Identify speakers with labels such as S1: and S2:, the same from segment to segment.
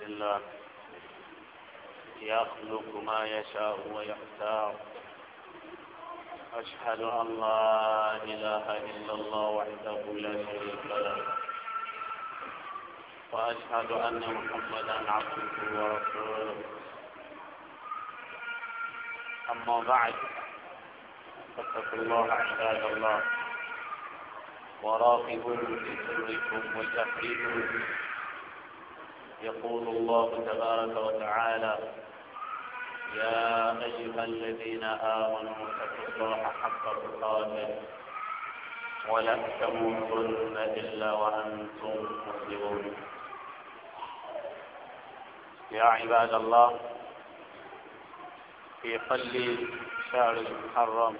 S1: لله يخلق ما يشاء ويختار أشهد أن لا إله إلا الله وحده لا شريك له وأشهد أن محمدا عبده ورسوله أما بعد فاتقوا الله عباد الله وراقبوه في سركم وتحريكم يقول الله تبارك وتعالى يا أيها الذين آمنوا اتقوا الله حق تقاته ولا تموتن إلا وأنتم مسلمون يا عباد الله في حل شهر المحرم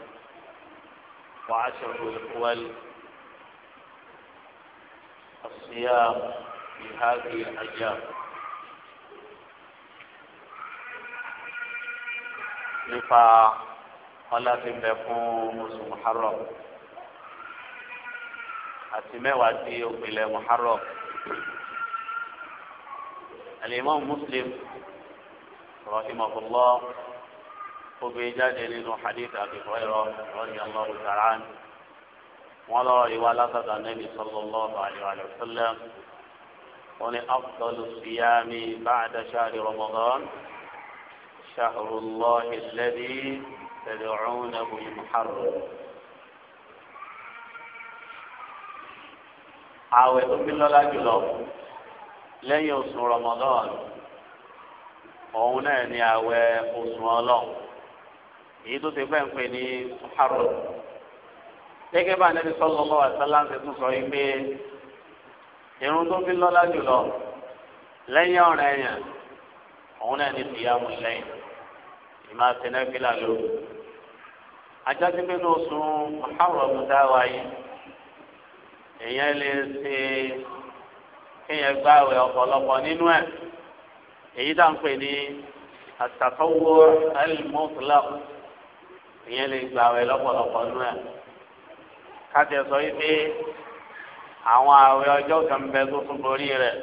S1: وعشر الأول الصيام في هذه الأيام nípa ọlá tí ń bẹ fún oṣù muharram àti mẹ́wàá tí ó pilẹ̀ muharram alimam muslim rahimahullah obìnrin jáde nínú hadith Abi Hurairah radiyallahu ta'ala anhu wọn lọrọ ìwà látàdà nẹbi sallallahu alaihi wa sallam wọn ni afdalu siyami ba'da shahri ramadan. شهر الله الذي تدعونه المحرم àwẹ̀ tó fi lọ́lá jùlọ lẹ́yìn oṣù rọmọdán òun náà ni àwẹ̀ oṣù ọlọ́run èyí tó ti fẹ́ẹ́ ń pè ní harro gẹ́gẹ́ bá nẹ́bí sọ́kọ́ bá wà sáláńsì tún sọ yìí pé irun tó fi lọ́lá jùlọ lẹ́yìn ọ̀rẹ́ yẹn òun náà ni tìyàmù lẹ́yìn ìmọ̀ àtẹnẹ́fìlà ló. ajásí pé ní oṣù Muharram tá a wáyé èèyàn lè ṣe kéèyàn gbààwẹ̀ ọ̀pọ̀lọpọ̀ nínú ẹ̀ èyí tá à ń pè ní àtàkọ́wọ́ ẹlẹ́mọ́tòlá ìyẹn lè gbààwẹ̀ lọ́pọ̀lọpọ̀ nínú ẹ̀ káṣẹ sọ yìí pé àwọn àwẹ̀ ọjọ́ kan bẹ tó tún borí rẹ̀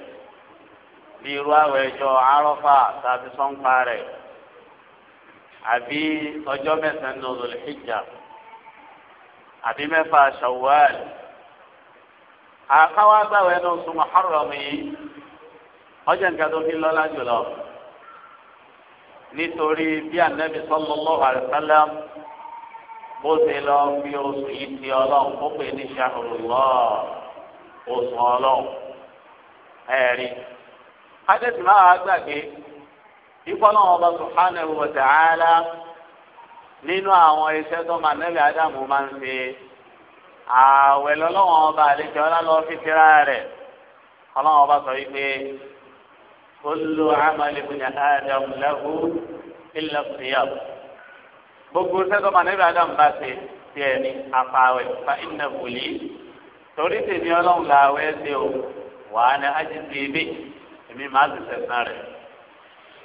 S1: bí irú àwẹ̀ ọjọ́ arọ́fà tàbí sọ́ńpa rẹ̀ àbí ọjọ́ mẹ́sàn-án ní Dhul Hijja àbí mẹ́fà Shawwal àkáwá gbàwé ní oṣù Muharram yìí ọjọ́ nǹkan tó fi lọ́lá jùlọ nítorí bí Ànábì sallallahu alaihi wasallam bó ṣe lọ fi oṣù yìí ti ọlọ́run kó pè ní Shahrullah oṣù ọlọ́run ẹ̀rí adẹ́sìmáwá gbàgbé ìfọ́nà ọba subhanahu wa ta'ala nínú àwọn iṣẹ́ tó máa nẹ́bí ádámù máa ń ṣe ààwẹ̀ lọ́lọ́wọ́n ọba àlejò ọlọ́lọ́ fi tira rẹ̀ ọlọ́wọ́n ọba sọ wípé kullu amali ibn adam lahu illa siyam gbogbo iṣẹ́ tó máa nẹ́bí ádámù bá ṣe tiẹ̀ ní afáwẹ̀ fa innahu li torí tèmi ọlọ́run làwẹ̀ ṣe o wàá ní ajínigbé èmi máa ti sẹ̀sán rẹ̀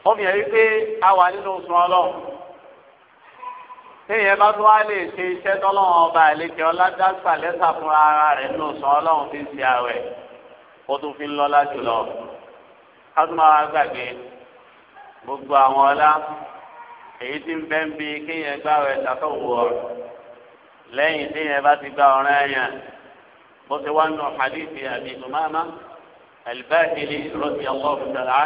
S1: wọ́n fi hàn yí pé a wà nínú oṣù ọlọ́run téèyàn bá tún wá lè ṣe iṣẹ́ tọ́lọ́run ọba àlejò ọlájàgbà lẹ́sà fún ara rẹ̀ nínú oṣù ọlọ́run fi ń ṣe àwẹ̀ ó tún fi ń lọ́lá jùlọ ká tún máa gbàgbé gbogbo àwọn ọlá èyí tí ń bẹ́ ń bi kéèyàn gbá rẹ̀ ṣàtọ̀wò ọ̀rọ̀ lẹ́yìn téèyàn bá ti gba ọ̀rẹ́ yẹn bó ti wá nù hadithi àbí ìmọ̀ọ́mọ́ àlùbáàkiri rọ́bì ọlọ́run tẹ̀lé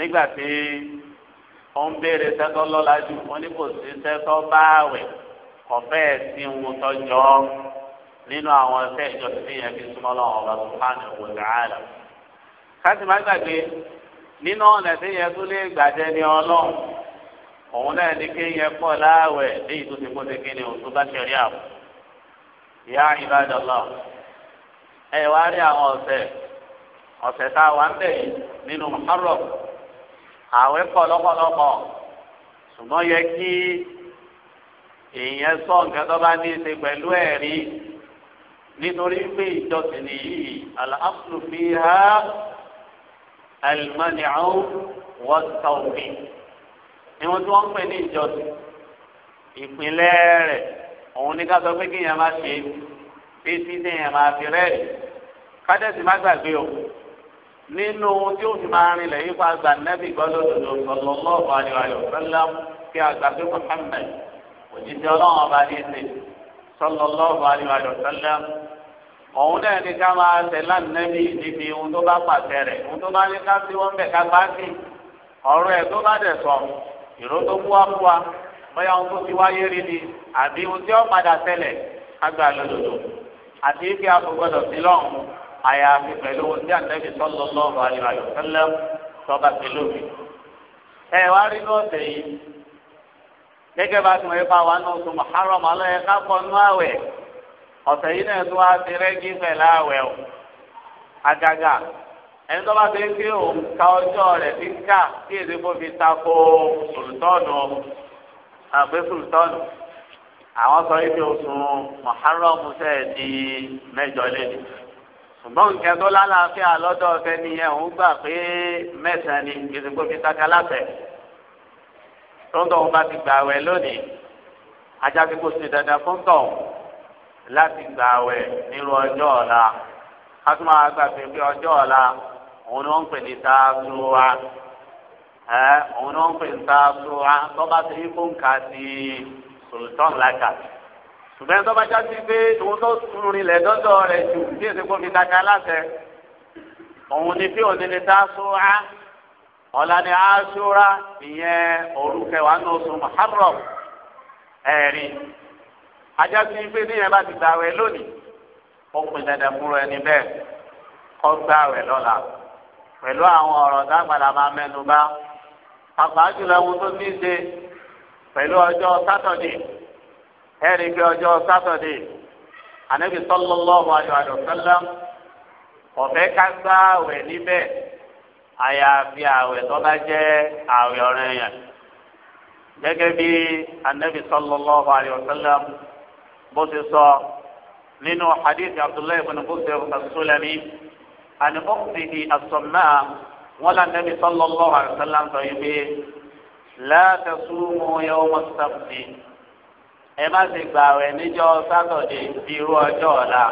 S1: nígbà tí wọ́n béèrè sẹ́tọ́ lọ́la jù wọ́n ní kò sí sẹ́tọ́ báwẹ̀ kọ̀fẹ́ sí wọn tọ́jọ́ nínú àwọn ẹsẹ̀ ìjọsìn yẹn fi súnmọ́ lọ́wọ́ ọba sùpánì wò dáadáa. káṣí má gbàgbé nínú ọ̀nà tí yẹn tún lè gbàjẹ́ ní ọlọ́run òun náà ní kéèyàn pọ̀ láàwẹ̀ léyìí tó ti kó ti kéde òtún bá ṣẹ̀rí àbọ̀. ìyá ìbádọ́lọ́ ẹ wá rí àwọn ọ̀sẹ̀ ọ̀sẹ̀ tá a wà ń bẹ̀ yìí nínú Muharram àwẹ̀ pọ̀ lọ́pọ̀lọpọ̀ ṣùgbọ́n yẹ kí èèyàn sọ nǹkan tó bá ní ṣe pẹ̀lú ẹ̀rí nítorí pé ìjọsìn nìyí al-aslu fiha al-man'u wat ni wọ́n tí wọ́n ń pè ní ìjọsìn ìpínlẹ̀ rẹ̀ òun ní ká sọ pé kéèyàn máa ṣe bí títí èèyàn máa fi rẹ́ẹ̀rì kádẹ́sì má gbàgbé o nínú ohun tí ó fi máa rin lẹ̀ yípa àgbà nẹ́bí gbọ́dọ̀ lòdò sallallahu alaihi wa sallam kí àgbà pé Muhammad òjijì ọlọ́run ọba ní ìsè sallallahu alaihi wa sallam òun náà ní ká máa tẹ̀ lánàbí níbi ohun tó bá pàṣẹ rẹ̀ ohun tó bá ní ká sí wọn bẹ̀ ká bá sí ọ̀rọ̀ ẹ̀ tó bá dẹ̀ sọ ìró tó mú wá fún wa bóyá ohun tó ti wáyé rí ni àbí ohun tí ó padà tẹ̀lẹ̀ ká gbà lòdòdò àti ike àfọgbọ́dọ̀ sí lọ́hùn àyàfi pẹ̀lú ohun tí àtẹ́bí sọ́lọ́ lọ́ọ̀rọ̀ àyọ̀ àyọ̀kẹ́lẹ́ sọ́ba pẹ̀lú mi. ẹ wá rí lọ́ọ̀sẹ̀ yìí gẹ́gẹ́ bá tún ẹ̀fà wa náà tún Muharram alẹ́ ká pọ̀ nú àwẹ̀ ọ̀sẹ̀ yìí náà tún wá ti rẹ́gí pẹ̀lú àwẹ̀ o. àgàgà ẹni tó bá ti gbé òun ka ọjọ́ rẹ̀ ti ń kí èdè kó fi tako sùlùtọ́ọ̀nù àgbẹ̀ sùlùtọ́ọ̀nù àwọn sọ ibi oṣù Muharram sẹ́ẹ̀ di mẹ́jọ lẹ́nu ṣùgbọ́n nǹkan tó lálàáfíà lọ́dọ̀ ọ̀fẹ́ nìyẹn òun gbà pé mẹ́sàn-án ni ìdìbò fi sáka láfẹ̀ tọ́ńtọ̀ òun bá ti gbà wẹ̀ lónìí ajá ti kó ṣe dandan fún tọ̀hún láti gbà wẹ̀ nírú ọjọ́ ọ̀la a máa gbà pé pé ọjọ́ ọ̀la òun ni wọ́n ń pè ní sáàtúwá ẹ̀ òun ni wọ́n ń pè ní sáàtúwá tó bá ti yí fún kàá sultan lákàtí ṣùgbọ́n ẹni tó bá já sí pé òun tó sunrin lẹ̀ dọ́dọ̀ rẹ̀ jù bí èsì kò fi kaka láṣẹ òun ni bí òun ni dá sóra ọ̀la ni aṣóra ìyẹn òrùkẹwàá ní oṣù muharram ẹ̀rin ajá sí pé níyẹn bá ti gbàwẹ̀ lónìí ó pin dandan fúnra ẹni bẹ́ẹ̀ kọ́ gbàwẹ̀ lọ́la pẹ̀lú àwọn ọ̀rọ̀ dágbàdà máa mẹ́nu bà pàápàá jùlọ ohun tó ní ṣe pẹ̀lú ọjọ́ sátọ̀dẹ̀ẹ́ ẹ̀rí pé ọjọ́ sátọ̀dé ànábì sallallahu alaihi wa sallam ọ̀fẹ́ ká gbá àwẹ̀ níbẹ̀ àyàfi àwẹ̀ tó bá jẹ́ àwẹ̀ ọ̀rẹ́ yẹn gẹ́gẹ́ bí ànábì sallallahu alaihi wa sallam bó ti sọ nínú hadith abdullahi ibn busir as-sulami àni wọn là ànábì sallallahu alaihi wa sọ yìí pé la tasumu yawm as-sabt ẹ má ti gbà wẹ̀ níjọ́ sátọ̀dé bí irú ọjọ́ ọ̀la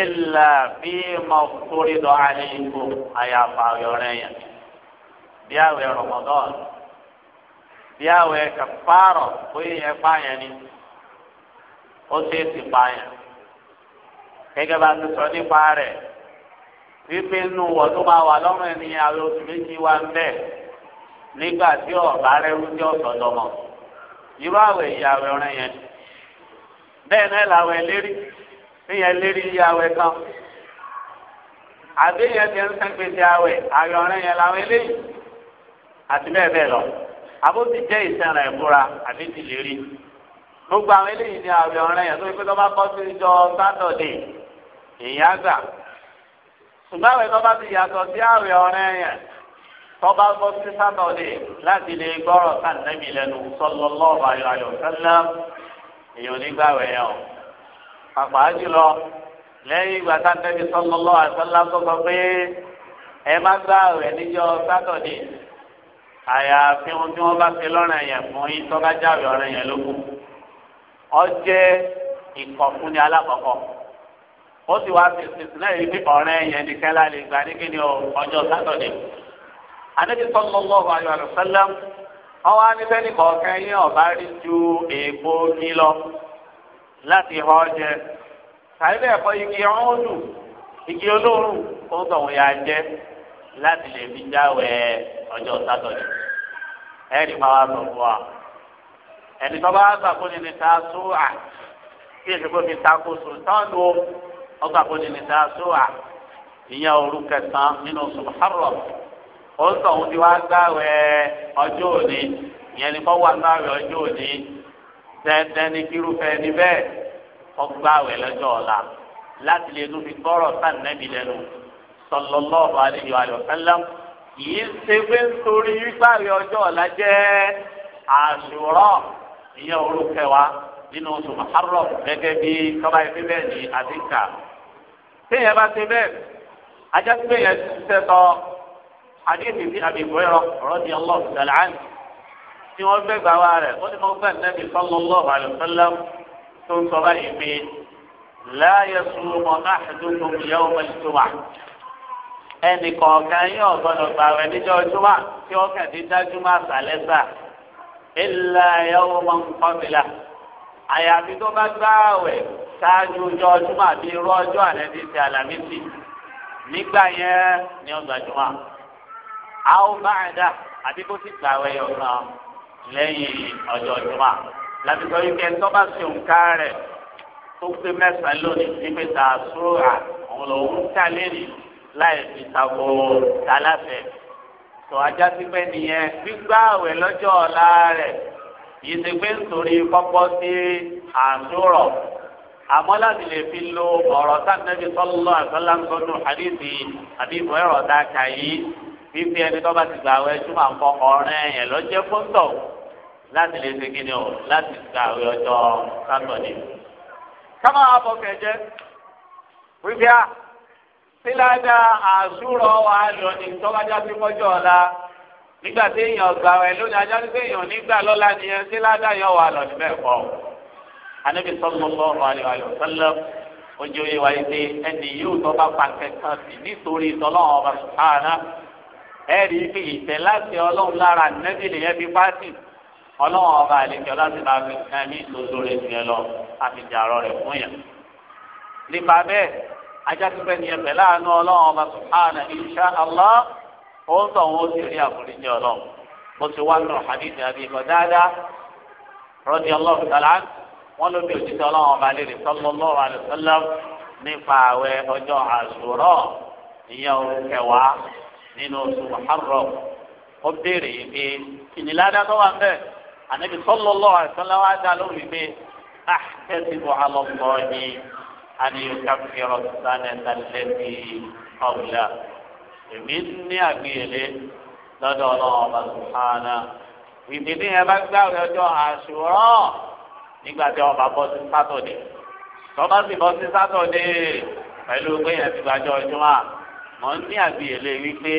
S1: ìlà bí mo torí lọ alẹ́ ikú àyàfà ọ̀rẹ́ yẹn bí àwẹ̀ Ramadan bí àwẹ̀ kàfàrọ̀ bóyá ẹ pààyàn ni ó ṣe é ti pààyàn gẹ́gẹ́ bá ti sọ nípa rẹ̀ wípé inú wọ̀ tó máa wà lọ́rùn ẹni àwọn oṣù méjì wá ń bẹ̀ nígbà tí ọ̀bá rẹ̀ rú jẹ́ ọ̀sọ̀dọ̀mọ̀ irú àwẹ̀ ìyá àwẹ̀ ọ̀rẹ́ yẹn bẹ́ẹ̀ náà làwẹ̀ lérí ìyẹn lérí iye àwẹ̀ kan àbí yẹn ti ń sẹ́gbèsè àwẹ̀ àwẹ̀ ọ̀rẹ́ yẹn làwẹ̀ léyìí àti bẹ́ẹ̀ bẹ́ẹ̀ lọ àbó ti jẹ́ ìsẹ̀rẹ̀ ìbúra àbí ti lérí gbogbo àwọn eléyìí ni àwẹ̀ ọ̀rẹ́ yẹn tó fi pé tó bá kọ́ sí ìjọ sátọ̀dé ìyá gbà ṣùgbọ́n àwẹ̀ tó bá ti yàtọ̀ sí àwẹ̀ ọ̀rẹ́ yẹn tọ́ba gbọ́ sí sábà ọ̀lẹ́ láti lè gbọ́rọ̀ sànẹ́mì lẹ́nu sallallahu alaihi wasallam èèyàn onígbàwẹ̀ yẹn o. pàpà jùlọ lẹ́yìn ìgbà sànẹ́mì sallallahu alaihi wasallam tó sọ pé ẹ má gbàwẹ̀ níjọ́ sátọ̀dé àyàfi ohun tí wọ́n bá fi lọ́rùn yẹn fún yín tọ́ba jáwé ọ̀rọ̀ yẹn lókun. ọ jẹ́ ìkọ̀fúnni ó sì wá fi náà yìí pé ọ̀rẹ́ yẹn nìkan láti gbà ní ọjọ́ sátọ̀dé anabi sallallahu alaihi wa sallam ọwọ́ anífẹ́ni kọ̀ọ̀kan yín ọ̀bá rí ju èèpo ní lọ láti họ jẹ tàbí ẹ̀kọ́ igi ọ̀húnù igi olóòrùn tó ń tọ̀hún ya jẹ láti lè fi jáwé ọjọ́ sátọ̀dẹ̀ ẹ̀rí máa wá sọ̀rọ̀ wa ẹni tó bá sàkóni ní ta sóà kí èsì kò fi takoso táwọn ọgbà kò ní ní ta sóà ìyẹn òru kẹsàn nínú subhanallah ó sọ òun ti wá gbààwẹ̀ ọjọ́ òní ìyẹn ni kọ́ wà gbààwẹ̀ ọjọ́ òní dandan ni kírúfẹ́ ni bẹ́ẹ̀ kọ́ gbààwẹ̀ lọ́jọ́ ọ̀la láti lè tún fi gbọ́rọ̀ sáà nẹ́bi lẹ́nu sallallahu alaihi wa sallam yìí ṣe pé nítorí gbàgbé ọjọ́ ọ̀la jẹ́ àṣùrọ̀ ìyẹn òru kẹwàá nínú oṣù Muharram gẹ́gẹ́ bí tọ́ba ẹgbẹ́ bẹ́ẹ̀ ni àdìkà. téèyàn bá ṣe bẹ́ẹ̀ ajá ti ṣiṣẹ́ tọ́ حديث bíi àbí ìbúrẹ́rọ ọ̀rọ̀ di ọlọ́ọ̀bù tẹ̀lé àná tí wọ́n fẹ́ gbà wá rẹ̀ ó ní mo fẹ́ nẹ́bí sallallahu alaihi wasallam tó ń sọ báyìí pé la yasumu ahadukum yawm al-jum'ah ẹnì kọ̀ọ̀kan yóò gbọ́dọ̀ gbà rẹ̀ níjọ́ jùmọ̀ tí ó kẹ̀ ti dájú máa sàlẹ̀ sà illa yawman qabila àyàfi tó bá gbà ṣáájú ọjọ́ jùmọ̀ àbí irú ọjọ́ àlẹ́ ti ti àlàmísì nígbà yẹn ni ó gbà àwọn báyìí àti kó sì gbàwé ọ̀sán lẹ́yìn ọjọ́ ìjọba láti sọ wípé ẹni tó bá ṣe òǹkà rẹ̀ tó pé mẹ́sàn-án lónìí níbi tá a sọ̀rọ̀ à òun lòun ń kà lẹ́yìn láì fi tako tálàfẹ́ tó ajá sí pé nìyẹn gbígbàwé lọ́jọ́ ọ̀la rẹ̀ yìí ti pé nítorí kọ́kọ́ sí àṣùrọ̀ àmọ́ láti lè fi lo ọ̀rọ̀ sáà nẹ́bí sọ́lọ́ àṣálà ń sọ́dún àdìsí àdìbò ẹ̀rọ̀ dáka yìí fífi ẹni tó bá ti gbà wẹ túmọ̀ àǹkọ ọ̀rẹ́ yẹn lọ́jẹ́ fóńtọ̀ láti lè ṣe kíni o láti gbà wẹ ọjọ́ sátọ̀dé. kámá àbọ̀ kẹjẹ wípé a síláàdà àṣùrọ̀ wa lọ ní tọ́bajá sí mọ́jọ́ ọ̀la nígbà tí èèyàn gbà wẹ lónìí ajá sí èèyàn nígbà lọ́la nìyẹn síláàdà yẹn wà lọ níbẹ̀ pọ̀ anabi sallallahu alaihi wa sallam ojú ìwà ìdè ẹni yóò tọ́ bá pa kẹkàn sí nítorí tọ́lọ́ ọba sùhánà ẹ̀rí fi ìfẹ́ láti ọlọ́run lára nẹ́bí lèyẹn fi pátì ọlọ́run ọba àlejò láti bá fi kàn ní lóso rẹ̀ tiẹ̀ lọ àfijàrọ̀ rẹ̀ fún yẹn. nípa bẹ́ẹ̀ ajásífẹ́ ni ẹ̀fẹ́ láàánú ọlọ́run ọba sùhánà insha Allah ó ń tọ̀ wọ́n ó sì rí àforíjì ọlọ́run bó ti wá lọ hadith àbí ìkọ̀ dáadáa rọ́dí ọlọ́run tàlá wọn ló bí òjijì ọlọ́run ọba nínú oṣù Muharram ó béèrè yìí pé ìnìlàdà tó wà bẹ́ẹ̀ ànábi sallallahu alaihi wasallam wa dá lórí pé ahtasibu ala Allahi an yukaffira as-sanata allati qabla èmi ní àgbéyẹlé lọ́dọ̀ ọlọ́run ọba sùhánà ìdí ní ẹ bá gbàwé ọjọ́ àṣùrọ̀ nígbà tí ọba bọ́ sí sátọ̀dé tọ́ba sì bọ́ sí sátọ̀dé pẹ̀lú pé ẹ ti gbàjọ́ ọjọ́ mọ̀ ń ní àbíyèlé wípé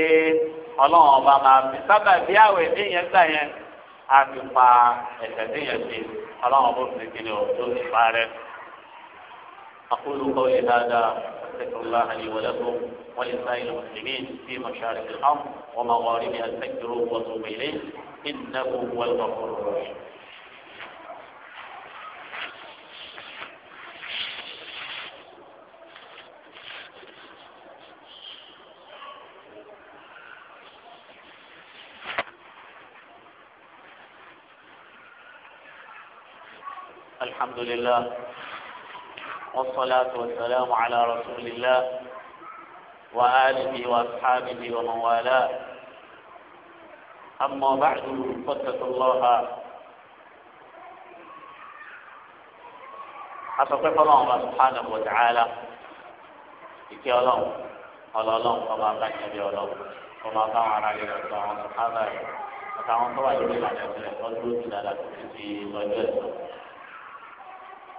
S1: ọlọ́run ọba máa fi sábà bí àwẹ̀ déyẹn gbà yẹn á fi pa ẹ̀ṣẹ̀ déyẹn sí ọlọ́run ọba òfin kìíní ọ̀tún ìpa rẹ̀. أقول قولي هذا أستغفر الله لي ولكم ولسائر المسلمين في مشارق الأرض ومغاربها استغفروه وتوبوا إليه إنه هو الغفور الرحيم الحمد لله والصلاة والسلام على رسول الله وآله وأصحابه ومن والاه أما بعد فاتقوا الله أتقف الله سبحانه وتعالى إكي الله قال الله فما كان يبي الله فما كان على يده وعلى أصحابه أتعون طوال إلى أن يصل الرجل إلى أن يصل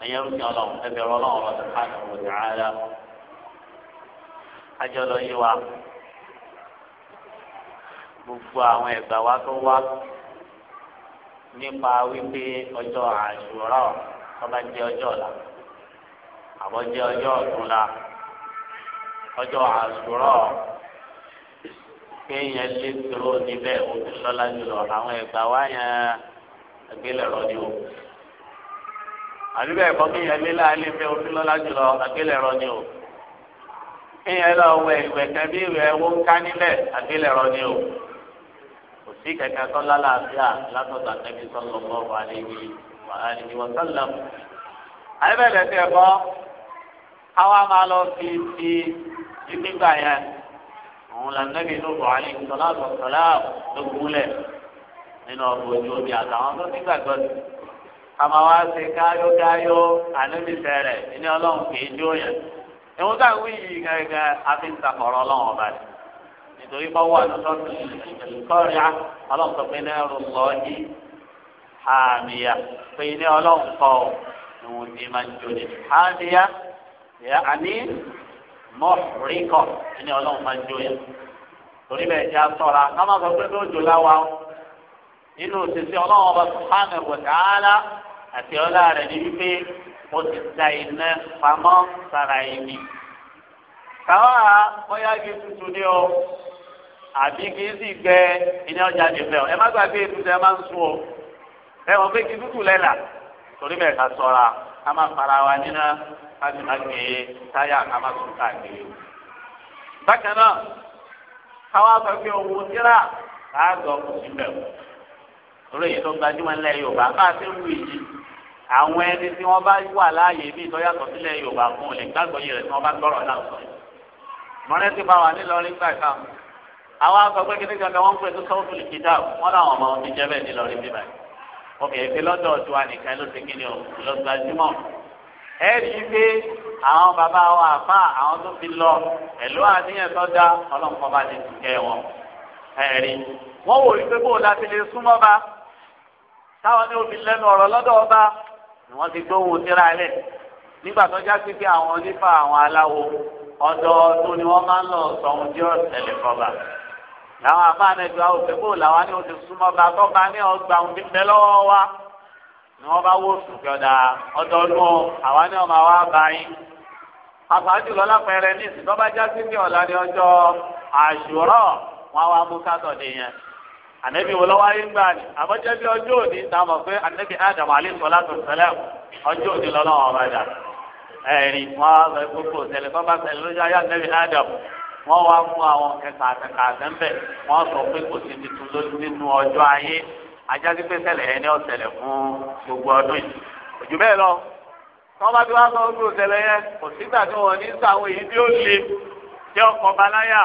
S1: ẹ̀yẹ rúkì ọlọ́run ẹ̀bẹ̀ ọlọ́run ọ̀rọ̀ ti pàṣẹ òwòdì ààrẹ ajọ́ lọ yé wa gbogbo àwọn ẹ̀gbà wa tó wá nípa wípé ọjọ́ àṣùrọ̀ ọba jẹ́ ọjọ́ ọ̀la àbọ̀ jẹ́ ọjọ́ ọ̀túnla ọjọ́ àṣùrọ̀ kéèyàn lé dúró níbẹ̀ òṣìṣọ́lá jùlọ àwọn ẹ̀gbà wa yẹn agbélẹ̀rọ ni o àdúgbò ẹ̀kọ́ kí yẹn lélẹ̀ alẹ́ fẹ́ ojúlọ́lá jùlọ àgbélẹ̀rọ ni o kí yẹn lọ wẹ ìwẹ̀ kẹbí ìwẹ̀ ẹ̀wọ́ ń ká nílẹ̀ àgbélẹ̀rọ ni o kò sí kẹ̀kẹ́ tó lálàáfíà látọ̀tà nẹ́bí sọ́lọ́ mọ́ àlejò àlejò sọ́lọ́ àyẹ̀bẹ̀rẹ̀ ti ẹ̀kọ́ àwa máa lọ fi ti ìgbígbà yẹn òun là nẹ́bí ló bọ̀ sọ́lá sọ́lá ló gúnlẹ̀ nínú ọkọ̀ àmọ́ wá ṣe káyókáyó ànábìsẹ̀ rẹ̀ ní ọlọ́run kì í jó yẹn. ìwọ́n ká wí yìí gẹ́gẹ́ àfi ń sàkọ̀rọ̀ ọlọ́run ọba ni. nítorí bá wà lọ́sọ̀tún ìkọ́rìá ọlọ́run sọ pé náà rò lọ ní hàmìyà pé ní ọlọ́run kọ́ ìwọ̀n ní máa ń jó ni. hàmìyà yà á ní ní ọlọ́run máa ń jó yẹn. torí bẹ́ẹ̀ jẹ́ àtọ́ra ká má sọ pé lójó láwa o nínú òṣìṣẹ́ ọlọ́run ọba subhanahu wa ta'ala àti ọlá rẹ̀ ní wípé mo ti da iná pamọ́ sára ẹni. káwá bóyá kí tuntun ni o àbí kì í sì gbẹ iná ọjà nìfẹ́ o ẹ má gbàgbé ètùtù ẹ má ń sún o ẹ wọ́n pé kí tútù lẹ́la torí bẹ́ẹ̀ ká sọ̀ra ká má fara wa níná ká sì má gbé táyà ká má sùn káàkiri. bákan náà káwá sọ pé owó tíra ká gbọ́ kò sí bẹ́ẹ̀ o torí èyí tó gbajúmọ̀ ńlẹ̀ yorùbá bá a ti ń wù yìí àwọn ẹni tí wọ́n bá wà láàyè bí ìtọ́yàtọ̀ sílẹ̀ yorùbá fún olè gbàgbọ́ yìí rẹ̀ tí wọ́n bá gbọ́rọ̀ náà sọ. mọ̀rẹ́ ti bá wà nílọrin gbà kan àwọn akọgbẹ́ kí nígbà wọn pè tó sọ́wọ́sì lè kíjà wọn làwọn ọmọ ti jẹ́ bẹ́ẹ̀ nílọrin bíbá yìí. òkè èké lọ́dọ̀ ọ̀dùn ànìkan ló ti kí ni lọ gbajúmọ̀. ẹ rí i pé àwọn bàbá wa àfa àwọn tó fi lọ ẹ̀lú àníyàn tó dá ọlọ́nkọ́ bá ti kẹ́ wọn. ẹ̀rí wọ́n wò wípé bó o láti lè súnmọ́ bá táwọn ní òfin lẹ́nu ọ̀rọ̀ lọ́dọ̀ ọba ni wọ́n ti gbóhùn síra ẹ̀ nígbà tó já sí pé àwọn onífà àwọn aláwo ọdọọdún ni wọ́n máa ń lọ sọ̀hún tí ó tẹ̀lé fọba làwọn àbáàdẹ́jọ àwòfẹ́ bò làwọn ní oṣù súnmọ́ bá ní ọgbà òun ti bẹ́ lọ́wọ́ wa ni wọ́n bá wó sùn jọ̀dà ọdọọdún àwọn ní ọmọ wa bá yín àfàájù lọ́lá pẹ̀rẹ̀ ní ìsìn tó bá já sí pé ọ̀la ni ọjọ́ àṣùrọ̀ wọn wá mú sátọ̀dé yẹn ànábì wọn lọ́wọ́ ayé ń gbà ní àmọ́jẹ́ bí ọjọ́ òní ta mọ̀ pé ànábì adam alayhi salatu wassalam ọjọ́ òní lọ́lọ́wọ́ ọba dà ẹ̀rí wọn á fẹ́ gbogbo òtẹ́lẹ̀ tó bá tẹ̀lé lójú ayé ànábì adam wọn wá mú àwọn kẹta àtẹkàtẹ ńbẹ wọn sọ pé kò sí tuntun lójú nínú ọjọ́ ayé ajá sí pé ṣẹlẹ̀ ẹni ọ̀sẹ̀lẹ̀ fún gbogbo ọdún yìí òjò bẹ́ẹ̀ lọ tọ́ bá ti wá sọ gbogbo òtẹ́lẹ̀ yẹn kò sígbà tí wọn ní sáwọn èyí tí ó le tí ọkọ̀ baláyà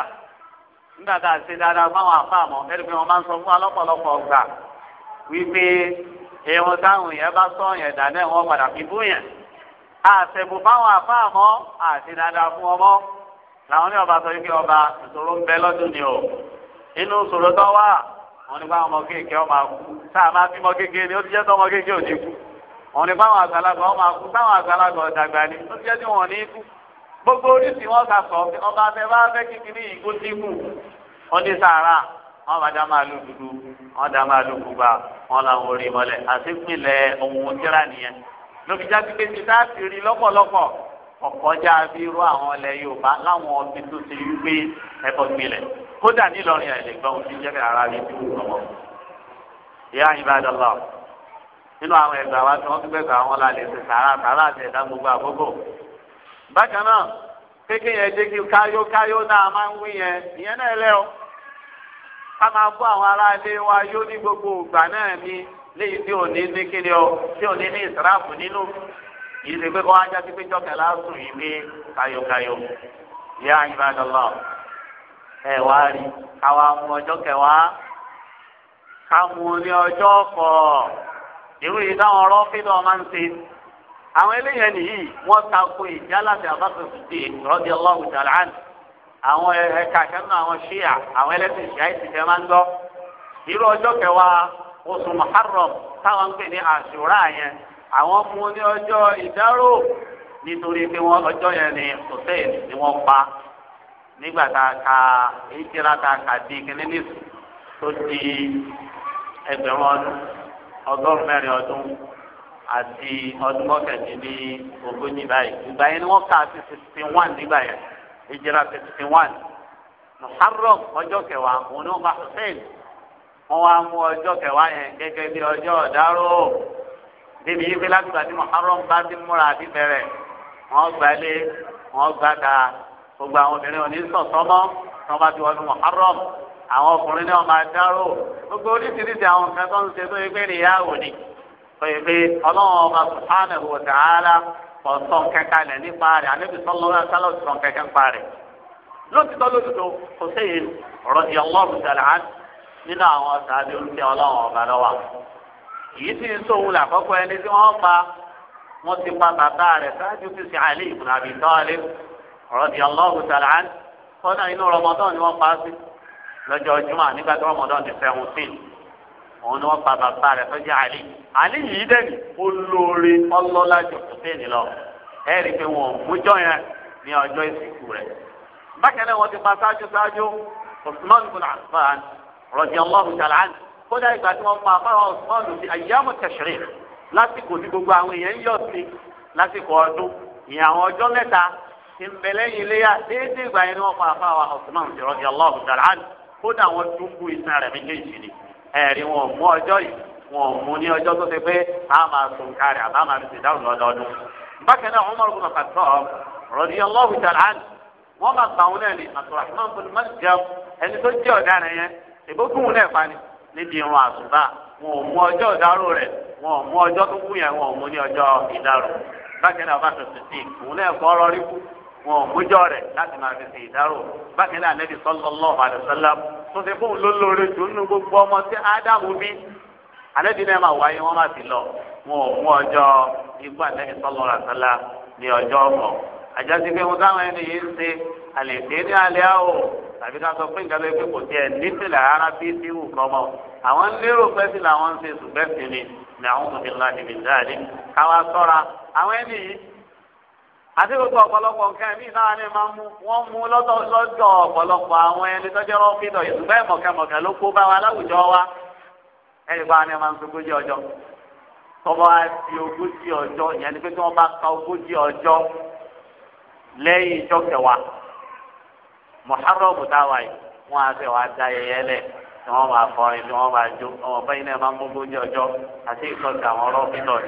S1: nígbà tá a ṣe dáadáa fáwọn àfàmọ́ ẹni pé wọ́n máa ń sọ fún wa lọ́pọ̀lọpọ̀ gbà wípé irun táwọn yẹn bá sọ yẹn dáná wọn padà fi bú yẹn àṣẹ̀bù fáwọn àfàmọ́ àti dáadáa fún ọmọ làwọn ní ọba sọ wípé ọba ìṣòro ń bẹ lọ́dún ni o inú ìṣòro tó wà wọn ní fáwọn ọmọ kéèké ọmọ àkú tá a máa bímọ kéèké ni ó ti jẹ́ tó ọmọ kéèké ò ní kú wọn ní fáwọn àgbàlagbà ọmọ àkú táwọn àgbàlagbà ọ̀dàgbà ni ó ti jẹ́ tí wọn ní kú gbogbo oríṣi wọn kà sọ ọba afẹ bá fẹ kíkiri ìgbó dínkù wọ́n dé sàárà wọ́n bá dá màálù dúdú wọ́n dá màálù pupa wọ́n là ń orí mọ́lẹ̀ àti pínlẹ̀ ohun tíra nìyẹn lóbi jáde pé ti táàtì rí lọ́pọ̀lọpọ̀ ọ̀kọ́já bí irú àwọn ilẹ̀ Yorùbá láwọn ọbẹ̀ tó ti rí pé ẹ̀kọ́ gbilẹ̀ kódà nílọrin àìlègbọ́n òfin jẹ́kẹ̀ ara rí bí wù ìyá ìbàdàn lọ nínú àwọn ẹgbàá wa tí wọ́n tún gbẹ̀gbà wọn la ṣe sàárà sàárà àti ẹ̀dá gbogbo àkókò. bákan náà kékeré yẹn jẹ́ kí káyó káyó náà máa ń wí yẹn ìyẹn náà lẹ́ ká máa bú àwọn ará ilé wa yóò ní gbogbo ìgbà náà ni léyìí tí ò ní ní kíni ọ tí ò ní ní ìsìráàfù nínú yìí ṣe pé kó wá jáde pé jọkẹlá sùn yìí pé kayokayo yá ẹ wá rí mú kọ irú yìí táwọn ọ̀rọ̀ máa ń ṣe àwọn nìyí ta ko ìjà láti Ọlọ́run àwọn ẹ̀ka kẹ́nu àwọn ṣíà àwọn ẹlẹ́sìn ṣíà ìsìnkẹ́ máa ń gbọ́ irú ọjọ kẹwàá oṣù muharram táwọn ń pè ní àṣùrà yẹn àwọn mú ní ọjọ́ ìdárò nítorí pé yẹn ní hussein ni wọ́n pa nígbà tá a ka ìjìnlá tá a kà di kíní nísù tó di ẹgbẹ̀rún ọdún ọgọ́rùn mẹ́rin ọdún àti ọdún báyìí ìgbà yẹn ni wọ́n hijira fifty one muharram ọjọ́ kẹwàá òun ní ọba hussein wọn wá mú ọjọ́ kẹwàá yẹn gẹ́gẹ́ bí ọjọ́ ọ̀dáró débi yìí pé látìgbà tí muharram bá ti múra àti bẹ̀rẹ̀ wọn gbà lé wọn gbà ta gbogbo àwọn obìnrin òní sọ̀tọ́mọ́ tí wọ́n bá ti wọnú muharram àwọn ọkùnrin náà máa dárò gbogbo oríṣiríṣi àwọn nǹkan tó ń ṣe tó yẹ pé nìyá òní tó yẹ pé ọlọ́run ọba subhanahu wa ta'ala. ọ̀sán kẹka lẹ̀ nípa rẹ̀ anábì sọlọ́wọ́ sálọ̀ sọ̀rọ̀ kẹkẹ́ ńpa rẹ̀ lóòtítọ́ lódodo kò séyìn rọ̀dì ọlọ́run tẹ̀lé án nínú àwọn sàbí olùkẹ́ ọlọ́run ọ̀gá lọ́wọ́ èyí sì ń sòwò làkọ́kọ́ ẹni tí wọ́n pa wọ́n ti pa bàbá rẹ̀ sáájú ti sìn àlẹ́ ìbùnà àbí tọ́lẹ̀ rọ̀dì ọlọ́run tẹ̀lé án kọ́nà inú rọmọdán ni wọ́n pa sí lọ́jọ́ jùmọ̀ nígbà tí rọmọdán ti fẹ́ sí òun ni wọn pa bàbá rẹ sọjá àlè àlè yìí dẹni olóore ọlọlá jù hùsẹ́ẹ̀nì lọ ẹ rí i pé wọn ò mújọ yẹn ní ọjọ́ ìsìnkú rẹ bákan wọn ti pa ṣáájú ṣáájú Usman bin Affan radiyallahu ta'ala anhu kódà ìgbà tí wọn pa àfáwọn Usman ti lásìkò tí gbogbo àwọn èèyàn ń yọ sí lásìkò ọdún ìyẹn àwọn ọjọ́ mẹ́ta ti ń bẹ lẹ́yìn iléyà déédéé ìgbà yẹn ni pa ẹ̀rí wọn mú ọjọ́ yìí wọn mú ní ọjọ́ tó ṣe pé a máa sùn kárí àbá máa fi dáhùn lọ́dọọdún. bákan náà Umar ibn Khattab radiyallahu ta'ala anhu wọ́n máa gbà wọn náà ní Abdurrahman ibn Maljam ẹni tó jẹ́ ọ̀daràn yẹn ìbókùn wọn náà pa ni níbi irun àsùbá wọn ò mú ọjọ́ ìdárò rẹ̀ wọn ò mú ọjọ́ tó kú yẹn wọn ò mú ní ọjọ́ ìdárò bákan náà bá tòṣì sí òun náà kọ́ ọ̀rọ̀ rí kú wọn ò mújọ́ rẹ̀ láti máa náà Nabi sallallahu alaihi wasallam tó ṣe fóun ló lóore jù nínú gbogbo ọmọ tí ádámù bí alẹ́bí náà máa wáyé wọ́n máa ti lọ wọn ò mú ọjọ́ ikú àtẹ́bí sọ́lọ́ ràṣálá ní ọjọ́ ọ̀pọ̀ àjọṣe pé wọn táwọn ẹni yìí ń ṣe àlè ṣe ní alẹ́ àwọ̀ tàbí ká sọ pé nǹkan lè pé kò tiẹ̀ nítìlẹ̀ ara bí ti wù kọ́ àwọn lérò pẹ́sì làwọn ń ṣe sùgbẹ́sì ni ni àwọn òṣèlú láti fi dáadé káwa sọ́ra àwọn ẹni yìí àti gbogbo ọ̀pọ̀lọpọ̀ nǹkan ẹ̀mí náà ni máa mú wọ́n mú lọ́dọ̀ lọ́dọ̀ ọ̀pọ̀lọpọ̀ àwọn ẹni tọ́jú ẹ̀rọ fídọ̀ yìí ṣùgbọ́n ẹ̀mọ̀kẹ́mọ̀kẹ́ ló kó bá wa láwùjọ wa ẹ̀rí pa ni máa ń sogójì ọjọ́ tọ́ba di ogójì ọjọ́ ìyẹn ni pé tí wọ́n bá ka ogójì ọjọ́ lẹ́yìn ìjọ kẹwàá mọ̀hárọ̀mù táwa yìí wọ́n á fẹ́ wàá da ẹyẹ lẹ̀ tí wọ́n máa fọrin tí wọ́n máa jó ọmọ bẹ́yìn náà máa ń mú ogójì ọjọ́ àti ìtọ́jú àwọn ọlọ́ọ̀fíìdọ̀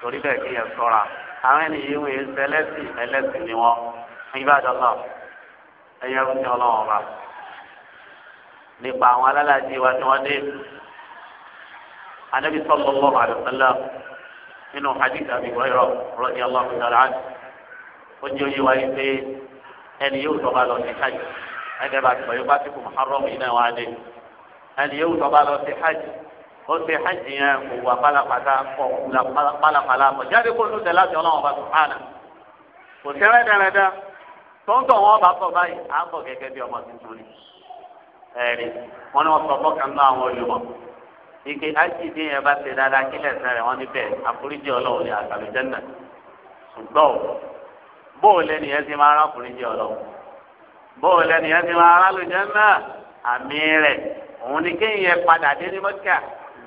S1: torí bẹ́ẹ̀ kí yẹn sọ́ra àwọn ènìyàn ìwé ẹlẹ́sìn ẹlẹ́sìn ni wọ́n ìbàdàn náà ẹ̀yẹ́ ń tẹ́ ọlọ́wọ́n bá nípa àwọn alálàájì wa tí wọ́n dé anabi sallallahu alaihi wasallam nínú hadith Abi Hurairah radiyallahu ta'ala anhu ó jẹ́ oyé wa yìí pé ẹni yóò tọ́ba lọ sí hajj ẹgbẹ́ bá ti bọ̀ yóò bá ti kù muharram yìí náà wá dé ẹni yóò tọ́ba lọ sí hajj ó ṣe hajj yẹn kò wà pálapàla kọ wùlà pálapàla kọ jáde kó lóde láti ọlọ́wọ́n bá sùpánà kò sí rẹ́dẹ̀rẹ́dẹ́ tó ń tọ̀ wọ́n bá kọ̀ báyìí á kọ̀ gẹ́gẹ́ bí ọmọ tuntun ni ẹ̀rí wọn ni wọ́n sọ fọ́kàn náà àwọn olùmọ̀ ike hajj ní yẹn bá ṣe dáadáa kílẹ̀ sẹ́rẹ̀ wọ́n ní bẹ́ẹ̀ àforíjì ọlọ́wọ́ ni àgbàlùjẹ́ náà ṣùgbọ́n bóò lẹ́nu yẹn ti máa rákùnrin jẹ́ ọlọ́run bóò lẹ́nu yẹn ti máa rálùjẹ́ náà àmì rẹ̀ òun ni kéèyàn padà dé ní mọ́kà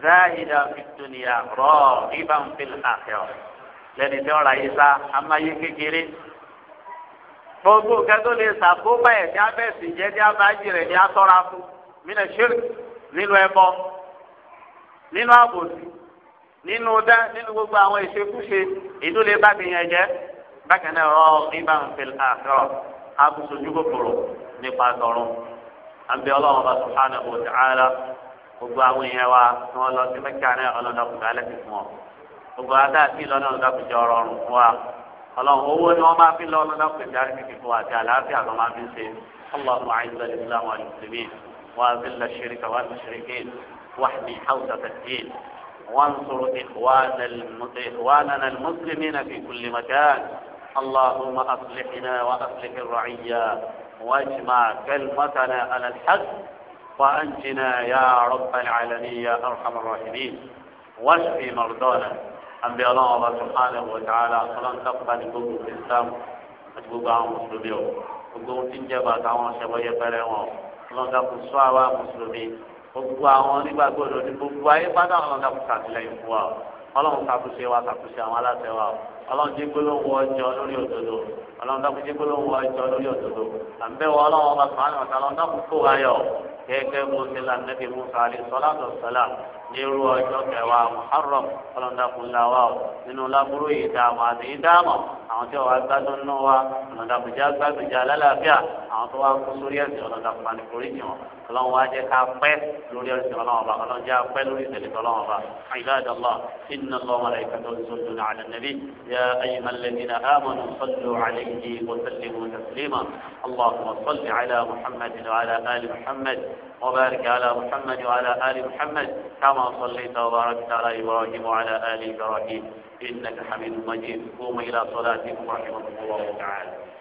S1: záyidà fìtúnìyà rọ ibà ń fi àfẹ́ọ̀ lẹ́ni tí ọ̀rọ̀ ayé sá amáyé kékeré gbogbo kẹ́tó lè sàkóbá ẹ̀ ní abẹ́sì jẹ́ ní abájí rẹ̀ ní atọ́ra fún mílẹ̀ ṣírí nínú ẹbọ nínú àbòsí nínú dá nínú gbogbo àwọn ìṣekúṣe ìdúlé bá ti yẹn jẹ́ bákan náà rọ ibà ń fi àfẹ́ọ̀ abùsùn ojú kòkòrò nípa tọrọ àbí ọlọ́run bá sọ̀hánà bò tààlà gbogbo àwọn èèyàn wa tí wọ́n lọ sí mẹ́kà náà ọlọ́dọ̀kùnrin alẹ́ ti fún ọ gbogbo adá sí lọ́nà ọlọ́dọ̀kùnrin ọrọ̀rùn fún wa ọlọ́run owó ni wọ́n máa fi lọ ọlọ́dọ̀kùnrin alẹ́ fún wa àti àlàáfíà lọ́ máa fi ṣe ọlọ́run àìsàn ìsìlámù àlùsùlùmí وأذل الشرك والمشركين واحمي حوزة الدين وانصر إخوان الم... إخواننا المسلمين في كل مكان اللهم أصلحنا وأصلح الرعية واجمع كلمتنا على الحق وأنجنا يا رب العالمين يا أرحم الراحمين واشف مرضانا أنبياء الله سبحانه وتعالى فلن تقبل gbogbo islam àti gbogbo àwọn mùsùlùmí o gbogbo ohun tí ń jẹba àtàwọn ṣẹbọyẹ pẹrẹ wọn ọlọ́dà kò sọ àwa mùsùlùmí gbogbo àwọn onígbàgbọ́ òdòdó gbogbo ayé pátá ọlọ́dà kò sàtìlẹ́yìn fún wa ọlọ́run ṣàtúnṣe wa ṣàtúnṣe àwọn aláṣẹ wa ọlọ́run jẹ́ gbólóhùn ọjọ́ lórí òdodo ọlọ́run dákun jẹ́ gbólóhùn ọjọ́ lórí òdodo àbẹ̀wò ọlọ́run ọba sàn gẹ́gẹ́ bó ṣe la nẹ́bí musa alayhi salatu wassalam ní irú ọjọ́ kẹwàá muharram ọlọ́dàkùnlá wa o nínú lábúrò yìí dáàmú àti ìdáàmú àwọn tí wàá gbádùn náà wa ọlọ́dàkùnjá gbàgbèjà lálàáfíà àwọn tó wá kú sórí ẹ̀sìn ọlọ́dà pani orí jìn wọn ọlọ́run wá jẹ́ ká pẹ́ lórí ẹ̀sìn ọlọ́run ọba ọlọ́run jẹ́ pẹ́ lórí ìṣẹ̀lẹ̀ ọlọ́run ọba ibadallah inna Allaha malaikatahu yusalluna 'ala an-nabi ya ayyuhalladhina amanu sallu 'alayhi wa sallimu taslima allahumma salli 'ala muhammad wa 'ala ali muhammad وبارك على محمد وعلى آل محمد كما صليت وباركت على إبراهيم وعلى آل إبراهيم إنك حميد مجيد قوم إلى صلاتكم رحمكم الله تعالى